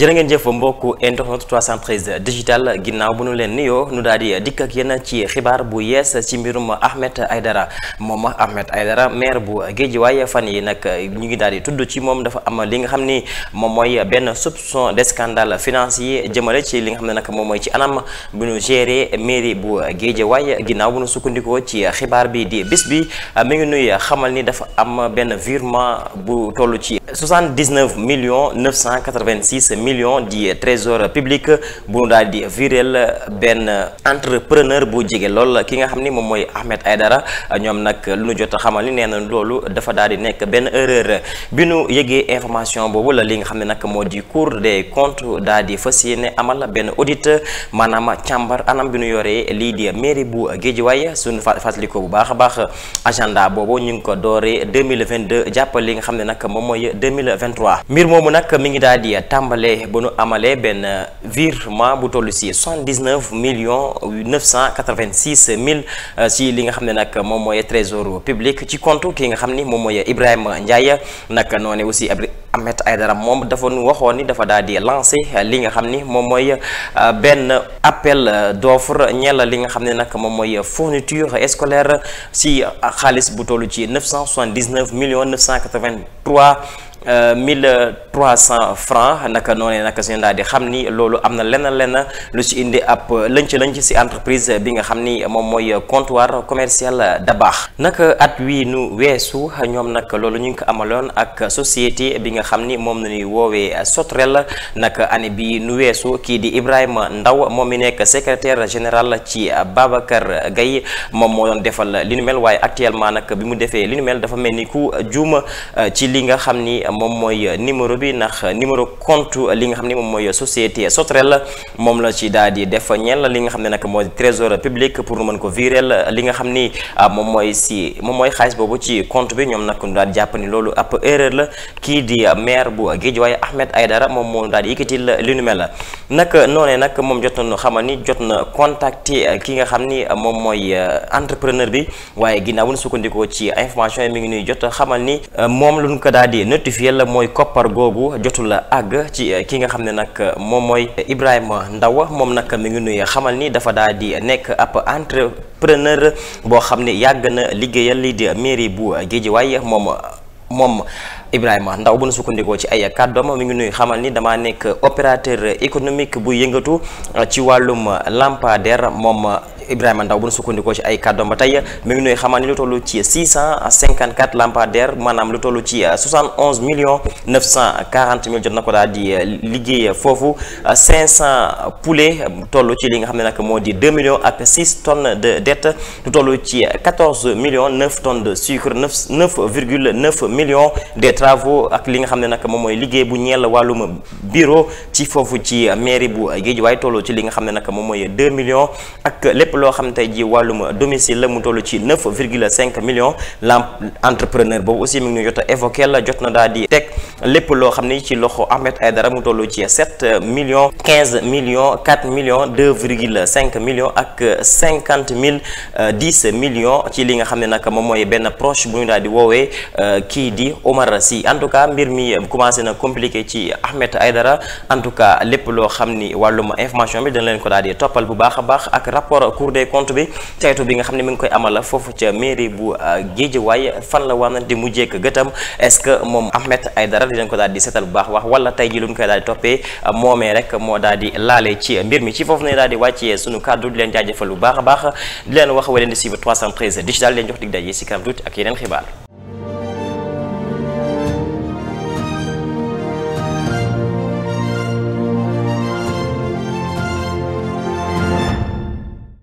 jërë ngeen jëf mbokku internet 313 digital ginnaaw bu nu leen nuyoo nu daal dikk ak yéen ci xibaar bu yees ci mbirum Ahmed Aidara moom Ahmed Aidara maire bu Guédiawaye fan yi nag ñu ngi daal di tudd ci moom dafa am li nga xam ni moom mooy benn soupçon de scandale financier jëmale ci li nga xam ne nag moom mooy ci anam bu nu gérer mairie bu Guédiawaye ginnaaw bu nu sukkandikoo ci xibaar bi di bis bi mi ngi nuy xamal ni dafa am benn virement bu toll ci 79 millions 986 mille. millions di trésor public bu nu daal di viréel benn entrepreneur bu jege lool ki nga xam ni moom mooy Ahmed dara ñoom nag lu nu jot a xamal ni nee na loolu dafa daal di nekk benn erreur bi nu yëgee information boobu la li nga xam ne nag moo di Cour de comptes daal di fas yéene amal benn auditeur maanaam càmbar anam bi nu yoree lii di mairie bu Guédiawaye suñu fàttalikoo bu baax a baax agenda boobu ñu ngi ko dooree 2022 jàpp li nga xam ne nag moom mooy 2023 mbir moomu mi ngi daal boobee ba nu amalee benn virement bu toll si 79 millions 986 mille si euh, li nga xam ne nag moom mooy trésor public ci compte ki nga xam ni moom mooy Ibrahima Ndiaye nag noonee aussi ay dara moom dafa nu waxoon ni dafa daal di lancé li nga xam ni moom mooy euh, benn appel d'offre ñeel li nga xam ne nag moom mooy fourniture scolaire si xaalis bu toll ci 979 millions 983 1300 euh, francs naka noonee naka suñu ndaa di xam ni loolu am na lenn lenn lu si indi ab lënc lënc si entreprise bi nga xam ni moom mooy comptoir commercial baax naka at wii nu weesu ñoom nag loolu ñu ngi ko amaloon ak société bi nga xam ni moom la ñuy woowee Sotrel naka année bi nu weesu kii di Ibrahima Ndaw moom mi nekk secretaire général ci Babacar Gaye moom moo doon defal li nu mel waaye actuellement nag bi mu defee li nu mel dafa mel ni ku juuma ci moom mooy euh, numéro bi ndax euh, numéro compte li nga xam ne moom mooy euh, société Sotrel moom la ci daal di def li nga xam ne nag mooy trésor public pour ko viréel li nga xam ni moom mooy si moom mooy xaalis boobu ci compte bi ñoom nag ñu daal jàpp ni loolu ab erreur la kii di maire bu Guédiawaye Ahmed Aïdara moom moo daal di yëkkati li nu mel la nag noonee nag moom jot nañu xamal ni jot na contacter ki nga xam ni moom mooy entrepreneur bi waaye ginnaaw bu ñu sukkandikoo ci information yi ngi nuy jot def yàlla mooy koppar googu jotul àgg ci eh, ki nga xam ne nag eh, moom mooy Ibrahima Ndaw moom nag mu ngi nuy xamal ni dafa daal di nekk ab entrepreneur boo xam ne yàgg na liggéeyal li di mairie bu Géejawaay moom moom Ibrahima Ndaw bu nu sukkandikoo ci ay kàddoom mi ngi nuy xamal ni dama nekk opérateur économique bu yëngatu eh, ci wàllum lampadaire moom Ibrahima Ndaw bu ñu sukkandikoo ci ay kàddoom ba tey mi ngi nuy xamaa ni lu toll ci 654 lampadaires maanaam lu toll ci 71 millions 940 mille jot na ko daal di euh, liggéey foofu 500 poulets toll ci li nga xam ne nag moo di 2 millions ak 6 tonnes de dette lu toll ci 14 millions 9 tonnes de sucre 9 9,9 millions de travaux ak li nga xam ne nag moom mooy liggéey bu ñeel wàllum bureau ci foofu ci mairie bu Guédiawaye toll ci li nga xam ne nag moom mooy 2 millions ak lépp loo xam tey ji wàllum domicile la mu toll ci 9 virgule 5 millions l'entrepreneur boobu aussi mu ngi ñu jot a évoqué la jot na daal di teg lépp loo xam ni ci loxo Ahmed Aïdara mu toll ci 7 million 15 millions 4 millions 2 virgule 5 millions ak 50 mille 10 euh, millions ci li nga xam ne nag moom mooy benn proche bu ñu daal di woowee euh, kii di Omar Sy en tout cas mbir mi commencé na compliqué ci Ahmed Aïdara en tout cas lépp loo xam ni wàllum information bi dana leen ko daal toppal bu baax baax ak rapport cour Cour des comptes bi caytu bi nga xam ne mi ngi koy amala foofu ca mairie bu euh, Guédiawaye fan la war na mu mujjeek gëtam est-ce que moom Ahmed Aïdara dinañ ko daal seetal bu baax wax wala tey ji luñ koy daal toppee euh, moomee rek moo daal di laale ci mbir mi ci foofu ne daal wàccee suñu kaddu di leen jaajëfal bu baax a baax di leen wax wa leen di suivre 313 digital leen jox dig daje si kanam tuuti ak yeneen xibaar